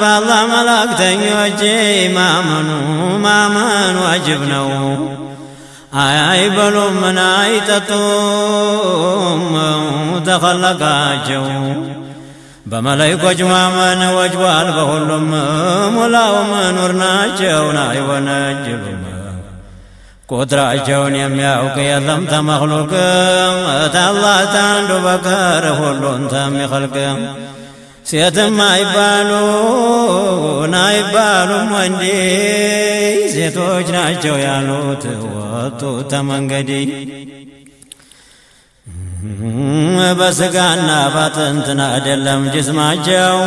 ባላ መላእክተኞች ማመኑ ማመን ዋጅብ ነው። አይበሉም ምን አይጠጡም ተኸለቃቸው በመላይኮች ማመን ወጅቧል። በሁሉም ሙላውም ኑር ናቸውን አይወነጅሉም ቁጥራቸውን የሚያውቅ የለም ተመክሉቅ ታላህ ታንዱ በቀር ሁሉን ተሚኸልቅ ሴትም አይባሉን አይባሉም ወንዲ ሴቶች ናቸው ያሉት ወጡ ተመንገዲ በስጋና ባጥንትና አይደለም ጅስማቸው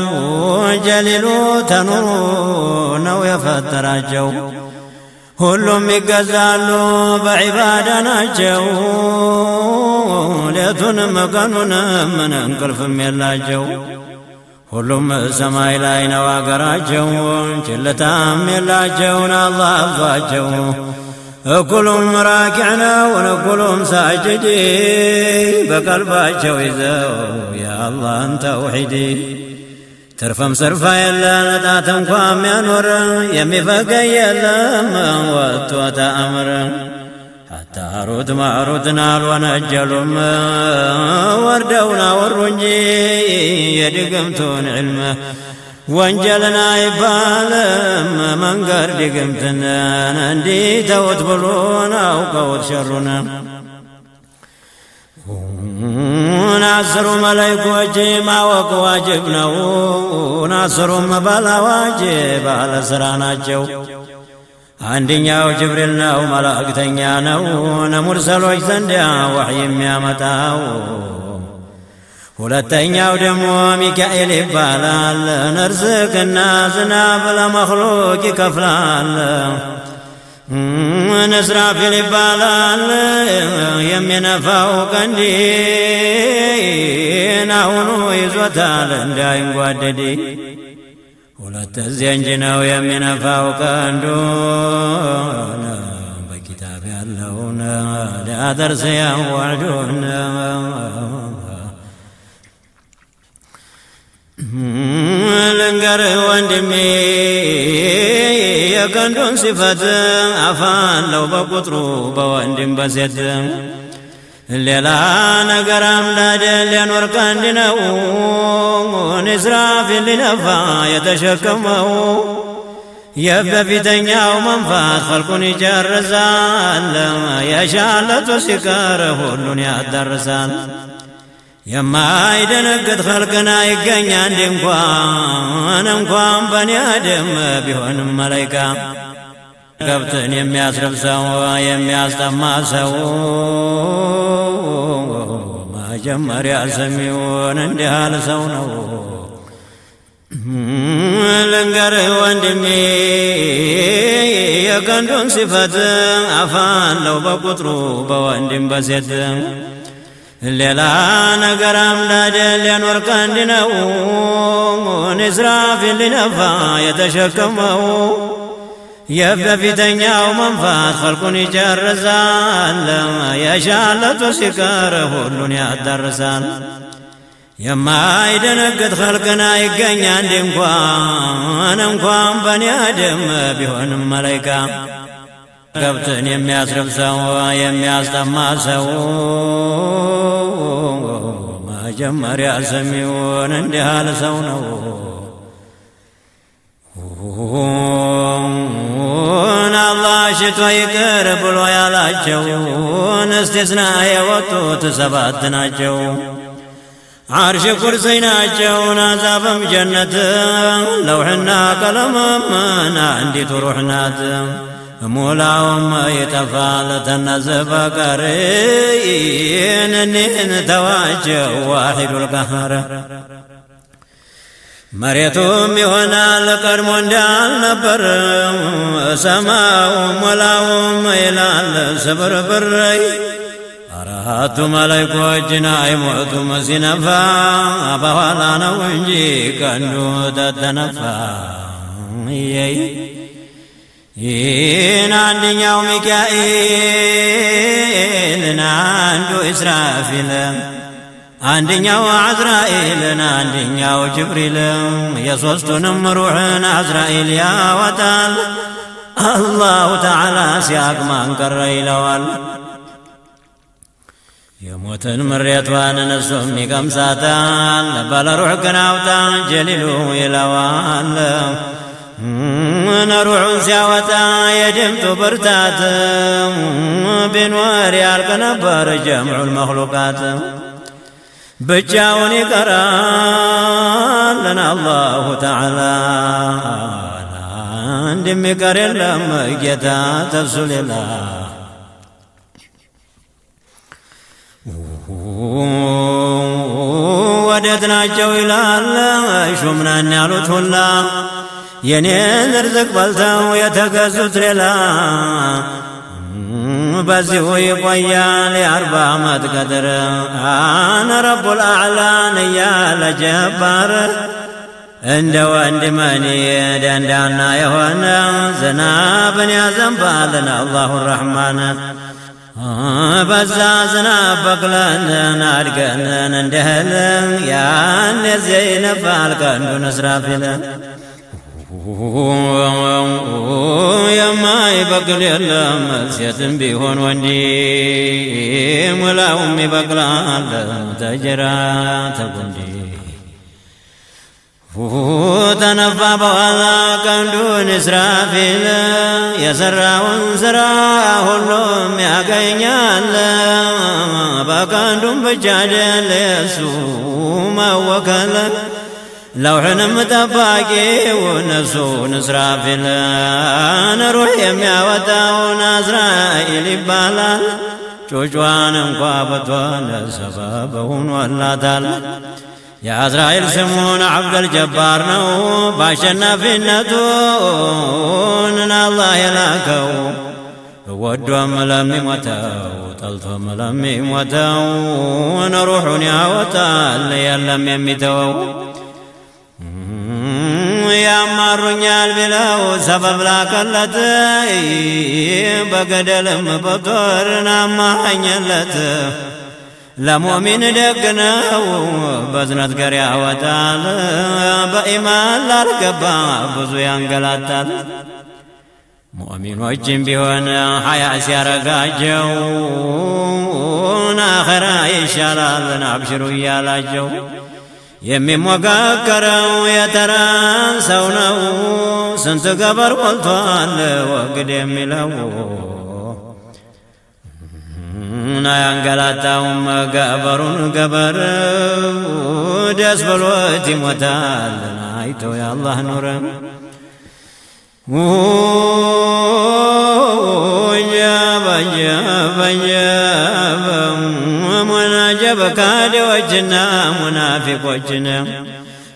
ጀሊሉ ተኑሩ ነው የፈጠራቸው هلو مقزالو بعبادنا جو ليتون مقنونا من انقل فميلا جو هلو مزما إلينا وقرا جو جلتا ميلا جو الله أفضا جو أقولهم راكعنا ونقولهم ساجدين بقلبا جو يا الله أنت وحدي ትርፍም ስርፋ የለ ጣት እንኳ የሚያኖር የሚፈገ የለም ወጥቶ ተአምር ሐታ ሩት ማሩትን አልወነጀሉም ወርደውን አወሩ እንጂ የድግምቱን ዕልም ወንጀልና አይባልም መንገር ድግምትን እንዲህ ተውት ብሎን አውቀውት ሸሩን አስሩ መላይኮች ማወቅ ዋጅብ ነው። አስሩም ባላዋጅ ባለ ስራ ናቸው። አንደኛው ጅብሪል ነው፣ መላእክተኛ ነው፣ ነሙርሰሎች ዘንድ ወሕይ የሚያመጣው። ሁለተኛው ደግሞ ሚካኤል ይባላል። ርዝቅና ዝናብ ለመኽሉቅ ይከፍላል። እስራፊል ይባላል የሚነፋው ቀንዲን አሁኑ ይዞታል እንዳይንጓደድ ሁለት እዚህ ነው የሚነፋው ቀንዱን በኪታብ ያለውን ሊያደርስ ያዋጁን ልንገር ወንድሜ የቀንዱን ሲፈት አፋለው በቁጥሩ በወንድም በሴት ሌላ ነገር አምላደ ሌኖር ቀንድ ነው ንስራፊል ሊነፋ የተሸከመው የበፊተኛው መንፋት ኸልቁን ይጨርሳል የሻለቱ ሲቀር ሁሉን ያዳርሳል የማይደነግጥ ኸልቅና ይገኛ እንዴ እንኳን እንኳን በኔ አደም ቢሆንም መላይካ ገብትን የሚያስርብ ሰው የሚያስጠማ ሰው መጀመሪያ ሰሚውን እንዲህ አለ ሰው ነው። ልንገርህ ወንድሜ የቀንዱን ሲፈት አፋለው በቁጥሩ በወንድም በሴት ሌላ ነገር አምላደ ሊያኖር ቀንድ ነው እስራፊል ሊነፋ የተሸከመው የበፊተኛው መንፋት ፈልቁን ይጨርሳል። የሻለቱ ሲቀር ሁሉን ያዳርሳል። የማይደነግጥ ኸልቅን ይገኛ እንዲ እንኳን እንኳን በኒያድም ቢሆንም መላይካ ገብትን የሚያስርብ ሰው የሚያስጠማ ሰው መጀመሪያ ሰሚውን እንዲህ ሰው ነው። አላህ ሽቶ ይቅር ብሎ ያላቸው እስቲስና የወጡት ሰባት ናቸው። አርሽ ኩርሲ ናቸው ናዛፍም ጀነት ለውሕና ቀለምም አንዲቱ ሩሕ ናት። ሙላውም ይጠፋል ተነዝህ በቀር ይህንን ተዋቸው ዋሂዱል ቀሃር መሬቱም ይሆናል ቀድሞ እንዳልነበር ሰማውም ሙላውም ይላል ስብርብር አራቱ መላይኮችን አይሞቱም ሲነፋ በኋላ ነው እንጂ ቀንዱ ተተነፋ ይህን አንደኛው ሚካኤልን አንዱ እስራፊልም አንደኛው አዝራኤልን አንደኛው ጅብሪልም የሦስቱንም ሩሕን አዝራኤል ያወጣል። አላሁ ተዓላ ሲያቅማን ቀረ ይለዋል። የሞትን ምሬቷን እነሱም ይቀምሳታል። ባለሩሕ ግን አውጣ ጀሊሉ ይለዋል። ነሩዑን ሲያወጣ የድምጡ ብርታት ቢኖር ያልቅ ነበር ጀምዑል መክሉቃት ብቻውን ይቀራልን አላሁ ተዓላ እንደሚቀር የለም ጌታ ተብሱ ሌላ ወደት ናቸው ይላል ሹምናን ያሉት ሁላ የኔን ርዝቅ በልተው የተገዙት ሌላ በዚሁ ይቆያል የአርባ ዓመት ቀድር አነ ረቡል አዕላን እያለ ጀባር እንደ ወንድ መኒ ደንዳና የሆነ ዝናብን ያዘንባልን አላሁ ረሕማን በዛ ዝናብ በቅለንን አድገንን እንደህልን ያን የዚያ ይነፋል ቀንዱን እስራፊልን የማይበቅል የለም ሴትም ቢሆን ወንድ ሙላውም ይበቅላል ተጅራ ተጉንዲ ተነፋ በኋላ ቀንዱን እስራፊል የሰራውን ስራ ሁሉም ያገኛል። በቀንዱም ብቻ ደል የሱ መወከል لو علم دباقي ونسو نسرافل انا روحي ميا ودا ونازرائيل بالا جوجوان انقابت ولا سبب ولا دال يا عزرائيل سمون عبد الجبار نو باشنا في ندون الله يلاكو ودو ملمي متاو طلتو ملمي متاو ونروحني عوتا اللي يلم يمي توو ያማሩኛል ብለው ሰበብ ላከለት በገደልም በጦርን አማኘለት። ለሞሚን ደግ ነው በዝነት ገር ያወጣል። በኢማን ላልገባ ብዙ ያንገላታል። ሞሚኖችም ቢሆን ሀያ ሲያረጋጀው ናኸራ ይሻላል ናብሽሩ እያላቸው የሚሞጋገረው የተራን ሰው ነው። ስንት ገበር ቆልቷል ወግድ የሚለው አያንገላታውም ገበሩን ገበር ደስ ብሎት ይሞታል አይቶ የአላህ ኑር وجابا جابا جابا ومنا جاب كاد وجنا منافق وجنا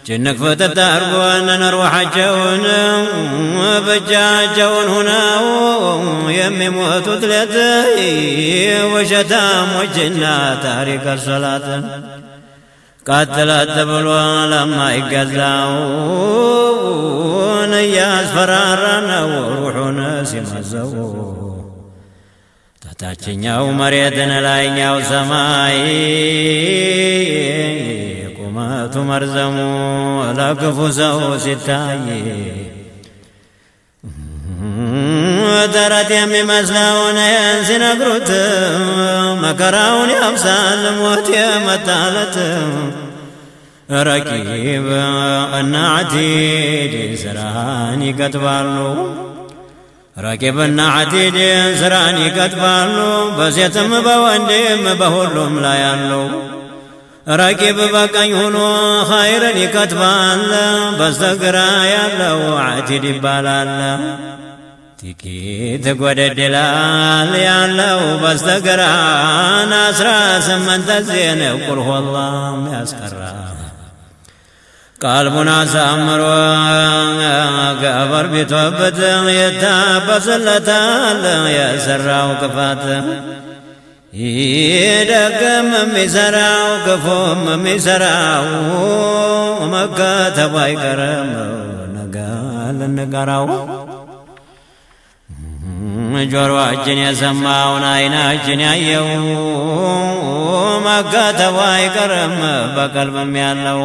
جنك فتدار وانا نروح جونا وبجا جون هنا يمي موت ثلاثة وشتام وجنا تارك الصلاة ቃጥላት ተብሎ ለማይገዛውን እያስፈራራ ነው ሩሑን ሲመዘው ታችኛው መሬትን ላይኛው ሰማይ ቁመቱ መርዘሙ ለክፉ ሰው ሲታይ ተረት የሚመስለውን ሲነግሩት መከራውን ያብሳል ሞት የመጣለት ረቂብ እና አቲድ ስራን ይቀጥባሉ። ረቂብና አቲድ ስራን ይቀጥባሉ። በሴትም በወንድም በሁሉም ላይ ያለው ረቂብ በቀኝ ሆኖ ኸይርን ይቀጥባል። በስተግራ ያለው አቲድ ይባላል። ጥቂት ጎደድላል ያለው በስተግራ አስራ ስምንት ዜን ቁልሆላም ያስቀራ ቀልቡን አሳምሮ ገበር ቢቶበት የታበስለታል የሰራው ክፋት ይደግም የሚሰራው ክፉም የሚሰራው መከተቡ አይቀርም ነገ ጆሮአችን የሰማውን አይናችን ያየው መጋተቡ አይቀርም በቀልብም ያለው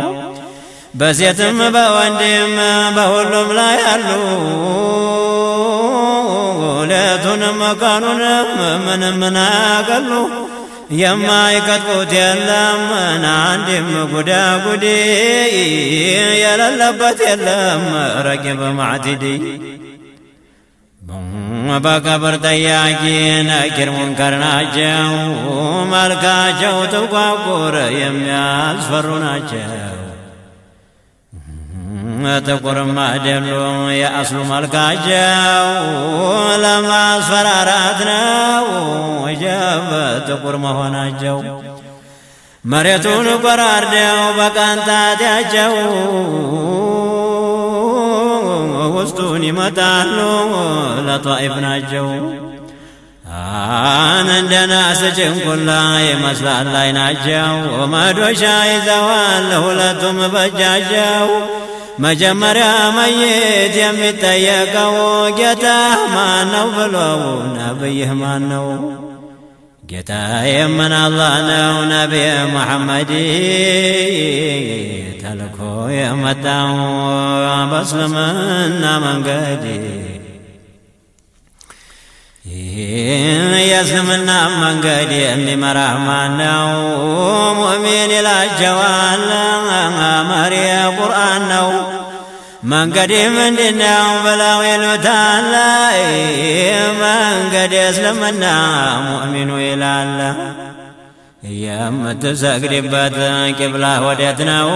በሴትም በወንድም በሁሉም ላይ አሉ ሌቱንም ቀኑንም ምንም ናያገሉ የማይቀጥፉት የለም አንድም ጉዲ የሌለበት የለም ረቂብ ማዕትዲ በቀብር ጠያቂ ነኪር ሙንከር ናቸው። መልካቸው ጥቋቁር የሚያስፈሩ ናቸው። ጥቁርማ ደሎ የአስሉ መልካቸው ለማስፈራራት ነው። ጀብ ጥቁር መሆናቸው መሬቱን ቆራርደው በቀንጣትያቸው ውስጡን ይመጣሉ ለጣኢፍ ናቸው። አነ እንደ ናስ ጭንቁላ ይመስላል ላይ ናቸው። መዶሻ ይዘዋል ሁለቱም በጃጃው መጀመሪያ መይት የሚጠየቀው ጌታ ማነው ነው ነብይህ ማን ነው ጌታ የምን አላህ ነው ነቢይ መሐመድ ተልኮ የመጣው በእስልምና መንገድ ይህን የእስልምና መንገድ የሚመራ ማነው? ሙእሚን ይላቸዋል መሪ ቁርአን ነው። መንገዴ ምንድነው ብለው ይሉታል። መንገዴ እስልምና ሙእሚኑ ይላል። የምትሰግድበት ቂብላ ወዴት ነው?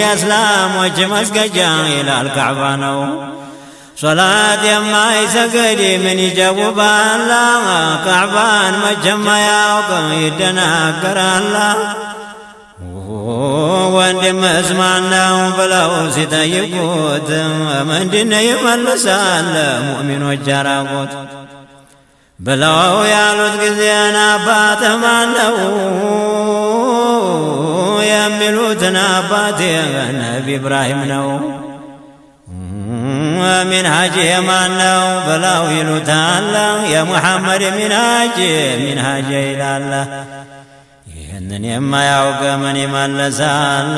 የእስላሞች መስገጃ ይላል ካዕባ ነው። ሶላት የማይሰግድ ምን ይጀውባላ? ካዕባን መቼም አያውቅ ይደናገራላ። ወንድም ነው ብለው ሲጠይቁት ምንድነው ይመልሳል ሙእሚኖች አራቁት ብለው ያሉት ጊዜን አባት ማን ነው የሚሉትን አባት ነቢ ኢብራሂም ነው። ሚንሃጅ የማን ነው ብለው ይሉታል የሙሐመድ ሚንሃጅ ሚንሃጅ ይላል ያንን የማያውቅ ምን ይመልሳል?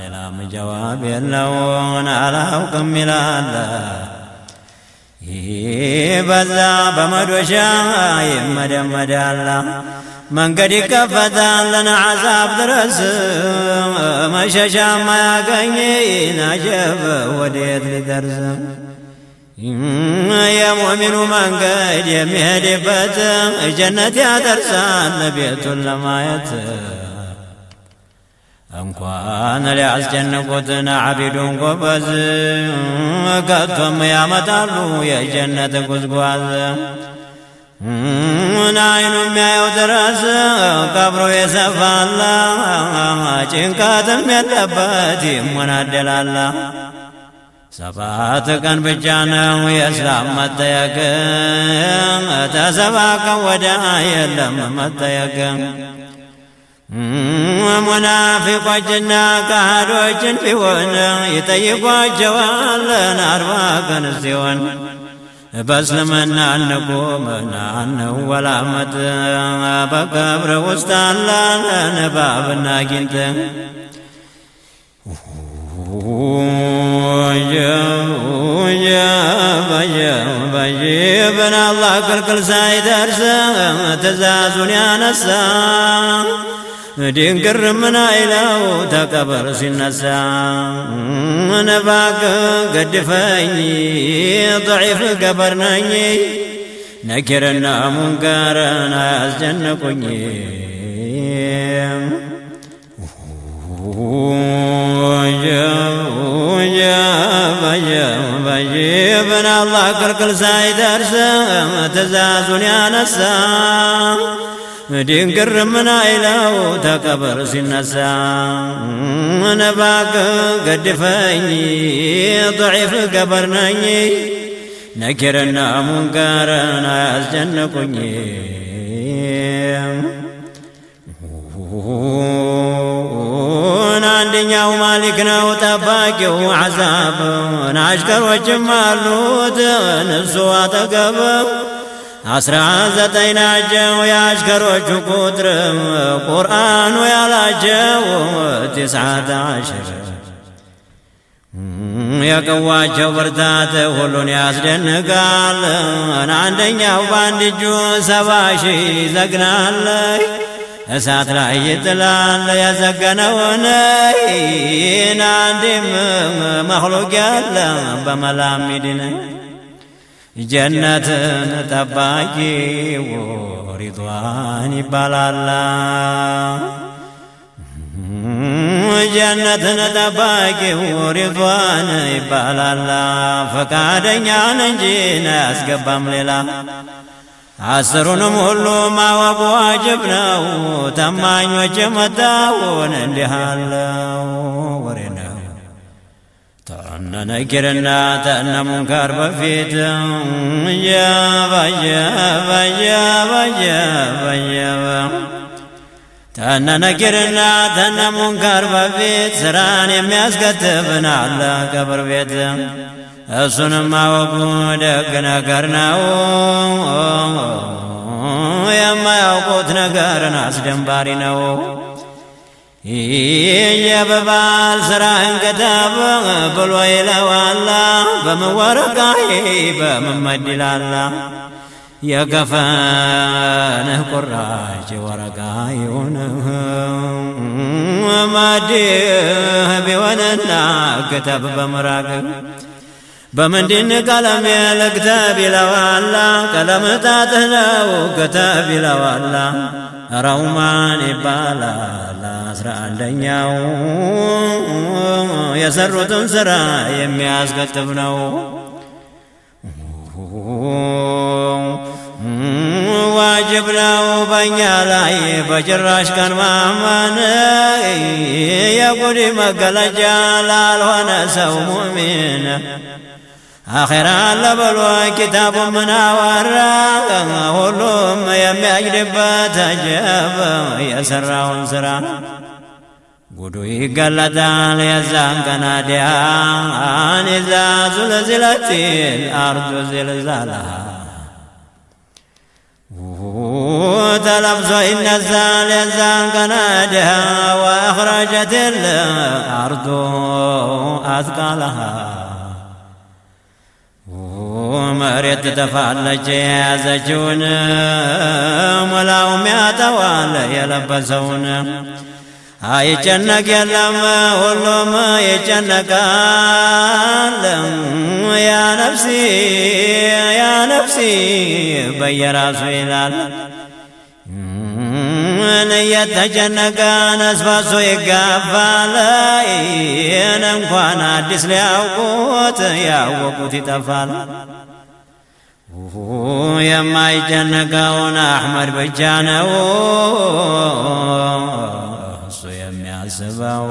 ሌላም ጀዋብ የለውን አላውቅም ይላል። ይህ በዛ በመዶሻ ይመደመዳል። መንገድ ይከፈታል ለነዓዛብ ድረስ መሸሻ ማያገኝ ናጀብ ወዴት ሊደርስም የሙእሚኑ መንገድ የሚሄድበት ጀነት ያደርሳል ቤቱን ለማየት እንኳን ሊያስጨንቁትን አቢዱን ጎበዝ ከቶም ያመጣሉ የጀነት ጉዝጓዝ አይኑ የሚያየው ድረስ ቀብሮ የሰፋላ ጭንቀትም የለበት ይሞናደላላ ሰባት ቀን ብቻ ነው የእስላም መጠየቅ። ተሰባ ቀን ወዳ የለም መጠየቅ። ሙናፊቆችና ካህዶችን ቢሆን ይጠይቋቸዋለን አርባ ቀን ሲሆን በእስልምና እንቁምና እንወላመጥ በቀብረ ውስጥ አላለን ባብና ጊንጥ አቅል ሳይደርስ ትእዛዙን ያነሳ ድንግር ምን አይለው ተቀበር ሲነሳ ነፋቅ ገድፈኝ ضعيف ገበር ነኝ ነኪርና ሙንከርን አያስጨንቁኝ በይብን አላህ ቅልቅል ሳይደርስ ትእዛዙን ያነሳ ድንግር ምን አይለው ተቀብር ሲነሳ ነባክ ገድፈኝ ضعيف ገበር ነኝ ነኪርና ሙንከርን አያስጨንቁኝ አዋቂው አዛብን አሽከሮችም አሉት ንሱ አጠገብ አስራ ዘጠኝ ናቸው የአሽከሮቹ ቁጥር ቁርአኑ ያላቸው ቲስዓተ አሽር የቅዋቸው ብርታት ሁሉን ያስደንቃል። አንደኛው በአንድ እጁ ሰባ ሺህ ይዘግናል። እሳት ላይ ይጥላል የዘገነውን ኢና እንዲም መክሉቅ ያለ በመላም ጀነትን ጠባቂ ሪድዋን ይባላል። ጀነትን ጠባቂ ሪድዋን ይባላል። ፈቃደኛን እንጂ ነው ያስገባም ሌላ አስሩንም ሁሉ ማወቅ ዋጅብ ነው። ታማኞች የመጣውን እንዲህ አለው ወሬ ነው። ተነ ነኪርና ተነ ሙንካር በፊት ተነ ነኪርና ተነ ሙንካር በፊት ስራን የሚያስከትብን አለ ቀብር ቤት እሱንም ማወቁ ደግ ነገር ነው። የማያውቁት ነገርን አስደንባሪ ነው። የበባል ስራህን ክተብ ብሎ ይለዋላ በምወረቃ በምመድላላ የከፈንህ ቁራጭ ወረጋ ይሁን ማድህ ቢሆንና ክተብ በምራቅ በምንድን ቀለም የለክተብ ይለዋላ ቀለም ጣትህ ነው ከተብ ይለዋላ ረውማን ይባላል አስራ አንደኛው የሰሩትን ስራ የሚያስከትብ ነው። ዋጅብ ነው በእኛ ላይ በጭራሽ ቀን ማመን የጉዲ መገለጫ ላልሆነ ሰው ሙእሚን አኼራን ለበሎ ኪታቡ ምን አወራ ሁሉም የሚያጅድበት አጀብ የሰራውን ስራ ጉዱ ይገለጣል የዛን ቀናዲያን ይዛ ዙለዝለቲል አርዱ ዝልዛላ ተለብሶ ይነሳል የዛን ቀናዲያ ወአኽረጀትል አርዱ አስቃላሃ መሬት ትተፋለች የያዘችውን ሙላው ያጠዋል የለበሰውን አይጨነቅ የለም ሁሉም ይጨነቃል። ያ ነፍሲ ያ ነፍሲ በየራሱ ይላል። ምን እየተጨነቀ ነስባሶ ይጋፋል። ይህን እንኳን አዲስ ሊያውቁት ያወቁት ይጠፋል። የማይጨነቀውን አሕመድ ብቻ ነው እሱ የሚያስበው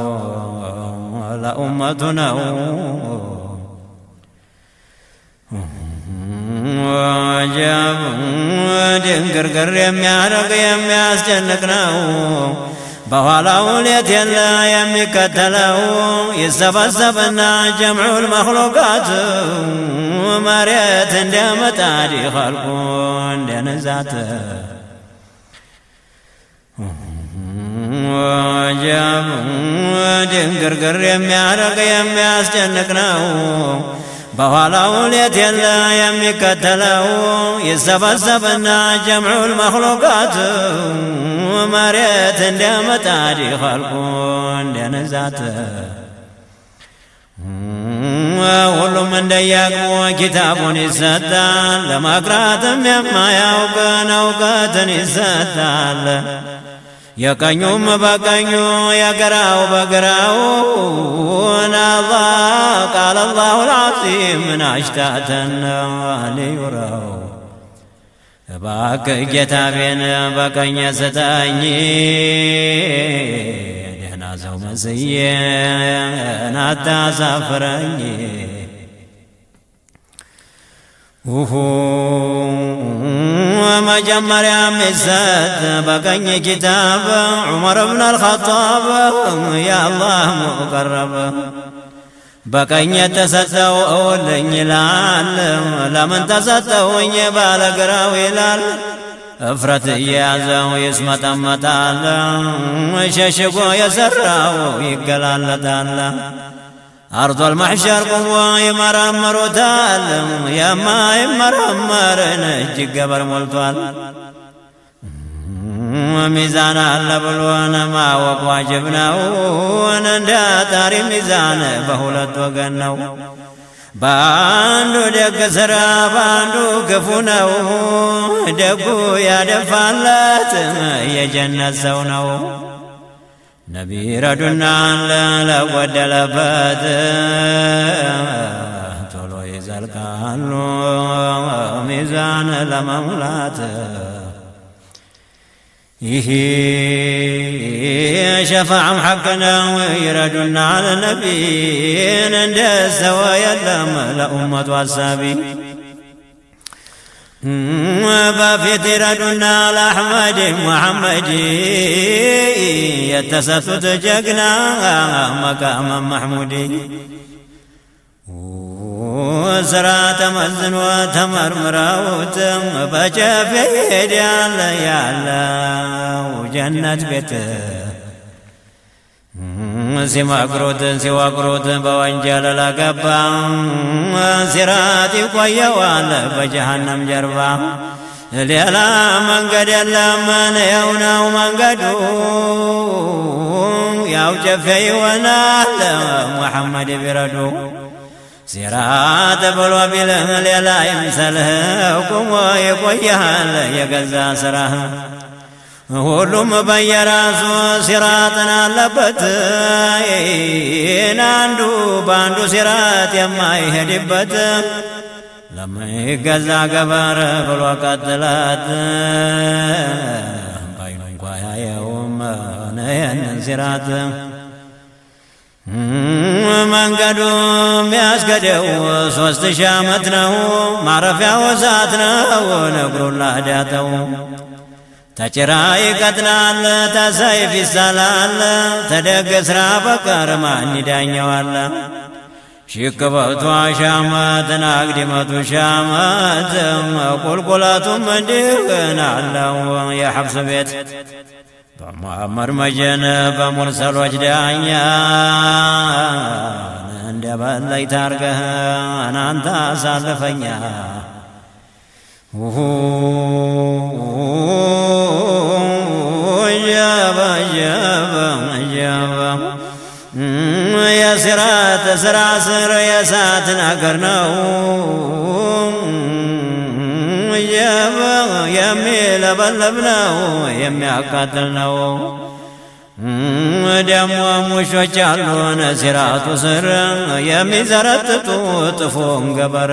ለኡመቱ ነው። ጀብ ድንግርግር የሚያደርግ የሚያስጨንቅ ነው። በኋላው ሌት የለ የሚከተለው ይሰበሰብና ጀምዑል መክሉቃት መሬት እንደ መጣድ ኸልቁ እንደ ድንግርግር የሚያደርግ የሚያስጨንቅ ነው። በኋላው ሌት የለ የሚከተለው ይሰበሰብና ጀምዑል መክሉቃት መሬት እንደ መጣድ ኸልቁ እንደ ንዛት ሁሉም እንደያቅሙ ኪታቡን ይሰጣል። ለማቅራትም የማያውቅን እውቀትን ይሰጣል። የቀኙም በቀኙ የግራው በግራው ናዛ ቃል አላሁ ልዓዚም ናሽታተን ሊዩራው እባክህ ጌታቤን በቀኝ ስጠኝ ደህና ሰው መስዬ ናታሳፍረኝ መጀመሪያ ሚሰጥ በቀኝ ኪታብ ዑመር ብን አልኸጣብ የአላህ ሙቀረብ በቀኝ የተሰጠው እውልኝ ይላል። ለምን ተሰጠውኝ ባለግራው ይላል። እፍረት እየያዘው ይስመጠመጣል። ሸሽጎ የሰራው ይገላለጣል። አርዷል አልማሕሸር ቁሞ ይመረምሩታል። የማይመረመርን እጅግ ገበር ሞልቷል። ሚዛን አለ ብሎን ማወቅ ዋጅብ ነው። እንደ አጣሪ ሚዛን በሁለት ወገን ነው። በአንዱ ደግ ስራ በአንዱ ክፉ ነው። ደጉ ያደፋለት የጀነት ሰው ነው። نبي ردنا لا لا ودل باد تولو يزال كالو ميزان لمملات يهي شفع حقنا ويردنا على نبينا ندس ويلم لأمة وصابي በፊት ይረዱና ለአሕመድ ሙሐመድ የተሰጡት ጀግና መቃመ ማሕሙድ ስራ ተመዝኖ ተመርምረውትም በጨፌ ሄዳለ ያለው ጀነት ቤት ሲማክሩት ሲዋቅሩት በወንጀል ለገባ ሲራት ይቆየዋል በጀሃነም ጀርባ። ሌላ መንገድ የለም ይኸው ነው መንገዱ፣ ያው ጨፌ ይሆናል ሙሐመድ ቢረዱ። ሲራት ብሎ ቢልህ ሌላ ይምሰልህ ቁሞ ይቆያል የገዛ ስራህ ሁሉም በየራሱ ሲራጥን አለበት ይህን አንዱ በአንዱ ሲራጥ የማይሄድበት ለማይገዛ ገበር ብሎ ቀጥላት ባይኑ እንኳ ያየውም ነየንን ሲራት መንገዱ ያስገደው ሶስት ሺህ ዓመት ነው። ማረፊያው እሳት ነው። ነግሩላ ዳተው ተጭራ ይቀጥላል፣ ተሰይፍ ይሳላል፣ ተደግ ስራ በቀር ማን ይዳኘዋል? ሽክበቱ ሻመት ናግዲመቱ ሻመት ቁልቁለቱም እንዲህን አለው የሐብስ ቤት በሙሐመድ መጀን በሙርሰሎች ዳኛ እንደ በለይ ታርገህ እናንተ አሳልፈኛ የስራ ተስራ ስር የእሳት ነገር ነው የሚለበለብ ነው የሚያቃጥል ነው። ደግሞ ሙሾች ያልሆነ ሲራቱ ስር የሚዘረጥጡ ጥፎን ገበረ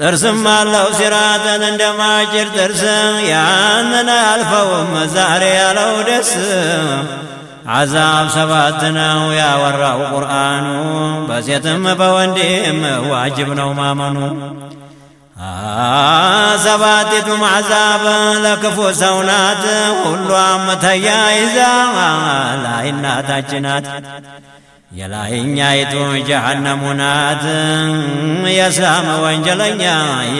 ጥርስም አለው ሲራተን እንደ ማጭድ ጥርስም ያንን አልፈውም ዛሬ ያለው ደስ አዛብ ሰባት ነው ያወራው ቁርአኑ በሴትም በወንድም ዋጅብ ነው ማመኑ። ሰባቲቱም አዛብ ለክፉ ሰው ናት፣ ሁሏም ተያይዛ ላይናታች የላይኛይቱ ጀሃነሙ ናት የእስላም ወንጀለኛ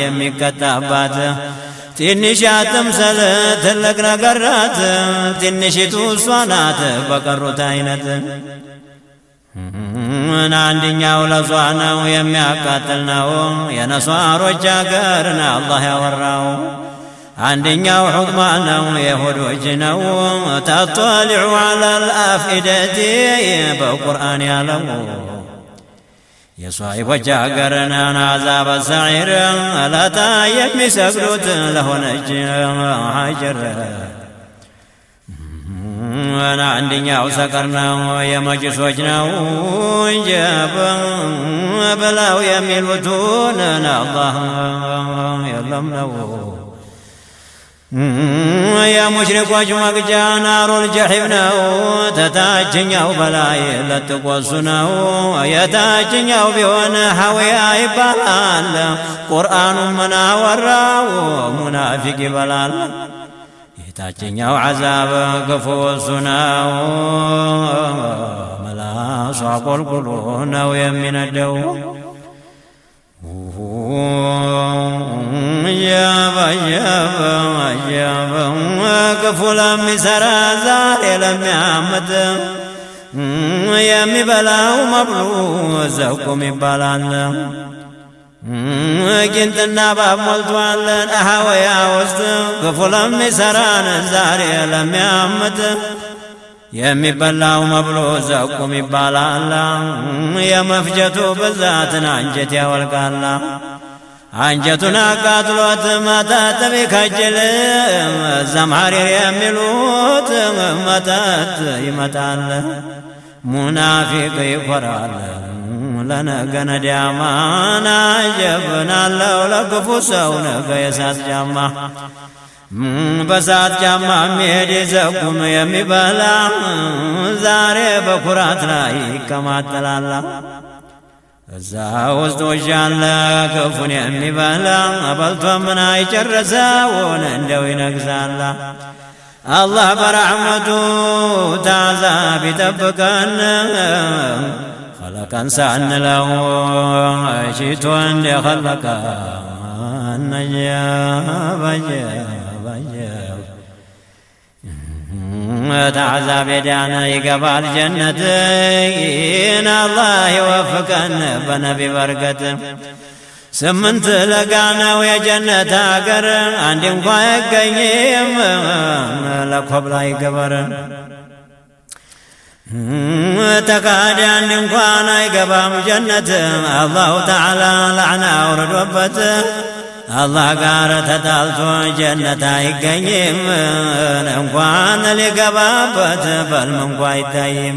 የሚቀጣባት። ትንሽ አትምሰል ትልቅ ነገር ናት፣ ትንሽቱ እሷ ናት በቀሩት አይነት። አንድኛው ለሷ ነው የሚያቃጥል ነው የነሷሮች አገርን አላህ ያወራው አንደኛው ዑጥማን ነው፣ የሁዶጅ ነው። ተጠሊዑ ዐለል አፍኢደቲ በቁርአን ያለው የሷይቦች አገርንን አዛበ ሰዒር እለታ የሚሰግዱት ለሆነች ሀጀር እና አንደኛው ሰቀር ነው፣ የመጅሶች ነው እንጀብ ብለው የሚሉትን አላህ የለም ነው ያ ሙሽሪኮች መቅጃ ናሩል ጀሒም ነው። ተታችኛው በላይ ለጥቆሱ ነው። የታችኛው ቢሆን ሀውያ ይባላል። ቁርአኑ ምናወራው ሙናፊቅ ይበላል። የታችኛው ዓዛብ ክፉ እሱ ነው። መላሱ አቆልቁሎ ነው የሚነደው ሚሰራ ዛሬ ለሚያመት የሚበላው መብሉ ዘቁም ይባላል። ጊንጥና ባብ ሞልቷለን አሃወያ ውስጥ ክፉ ለሚሰራን ዛሬ የሚበላው መብሎ ዘቁም ይባላል። የመፍጀቱ ብዛትን አንጀት ያወልቃላ አንጀቱን አቃጥሎት መጠጥ ቢከጅል እዛም የሚሉት መጠጥ ይመጣል። ሙናፊቅ ይኮራል ለነገ ነዳማና ጀብናለው ለክፉ ሰው ነገ የሳት ጫማ በሳት ጫማ የሚሄድ ዘቁም የሚበላ ዛሬ በኩራት ላይ ይቀማጠላላ እዛ ውስጥ ውሻለ ክፉን የሚበላ አበልቶ ምና የጨረሰውን እንደው ይነግዛላ። አላህ በረሕመቱ ታዛ ቢጠብቀን ኸለቀን ሳንለው ሽቶ እንደ ከለቀ ነያ በየ ሞት አሕዛብ ይገባል ጀነት። ይህን አላህ ይወፍቀን በነቢ በርገት። ስምንት ለጋ ነው የጀነት አገር አንድ እንኳ አይገኝም ለኮብላ ይገበር ተካዲ አንድ እንኳን አይገባም ጀነት አላሁ ተዓላ ላዕና አውርዶበት አላህ ጋር ተጣልቶ ጀነት አይገኝም። እንኳን ሊገባበት በልም እንኳ አይታይም።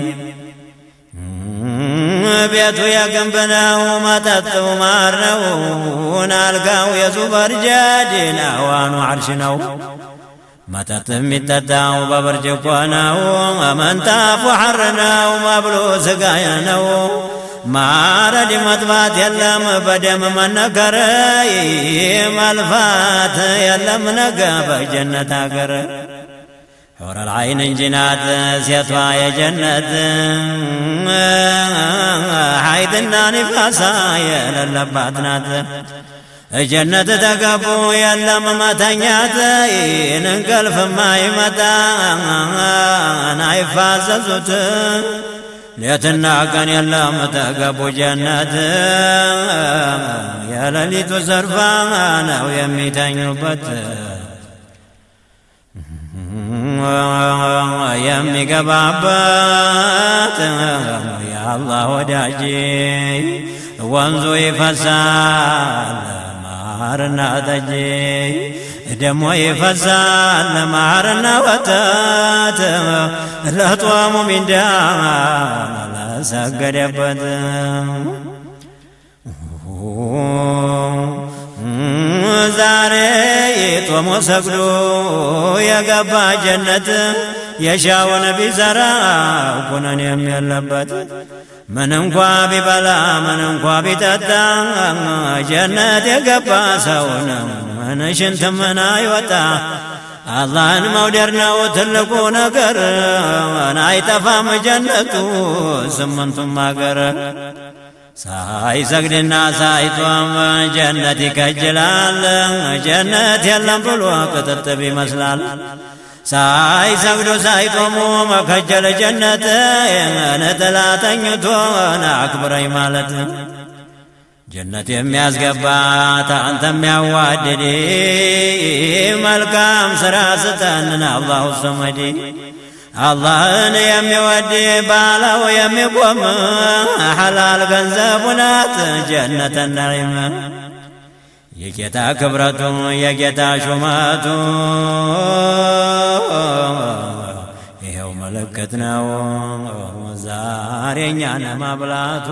ቤቱ የግንብ ነው፣ መጠጡ ማር ነው። አልጋው የዙበርጀድ አዋኑ አርሽ ነው። መጠጥ የሚጠጣው በብርጭቆ ነው። መንጣፉ ሐር ነው። መብሉ ስጋየ ነው። ማረድ መጥባት የለም በደም መነገር ማልፋት የለም ነገ በጀነት አገር ሑረል እንጂናት እንጂ ናት ሴቷ የጀነት ሀይትና ኒፋሳ የሌለባት ናት። ጀነት ተገቡ የለም መተኛት እንቅልፍ ማይመጣ አይፋዘዙት ሌትና ቀን የለምትገቡ ጀነት የሌሊቱ ዘርፋ ነው የሚተኙበት የሚገባበት የአላህ ወዳጅ ወንዙ ይፈሳል ማርና ጠጅ ደሞ ይፈዛል ለማርና ወተት ለጦሙ ሚዳ ሰገደበት ዛሬ የጦሞ ሰግዶ የገባ ጀነት የሻውን ቢዘራ ኩነኔም የለበት ምን እንኳ ቢበላ ምን እንኳ ቢጠጣ ጀነት የገባ ሰው ነው። ምን ሽንት ምን አይወጣ አላህን መውደድ ነው ትልቁ ነገር። አይጠፋም ጀነቱ ስምንቱም አገር ሳይሰግድና ሳይጾም ጀነት ይከጅላል። ጀነት የለም ብሎ ቅጥጥብ ይመስላል። ሳይ ሰግዶ ሳይቆሙ መከጀለ ጀነት ነጠላ ተኝቶን አክብረኝ ማለት ጀነት የሚያስገባት አንተም የሚያዋድድ መልካም ስራ ስጠንን አላሁ ሰመድ አላህን የሚወድ ባለው የሚቆም ሐላል ገንዘቡ ናት ጀነት ነዒም የጌታ ክብረቱ የጌታ ሹመቱ ይኸው ምልክት ነው ዛሬ እኛን ማብላቱ